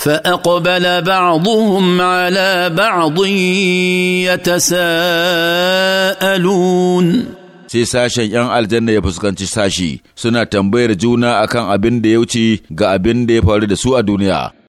فاقبل بعضهم على بعض يتساءلون sai sashen 'yan aljanna ya fuskanci sashi suna tambayar juna akan abin da ya wuce ga abin da ya faru da su a duniya